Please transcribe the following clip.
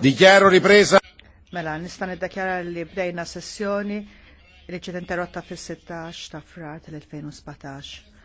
Dichiaro ripresa. Mela, nista' niddakjara li bdejna sessjoni li ġiet interrotta fis-16 ta' frar tal-2017.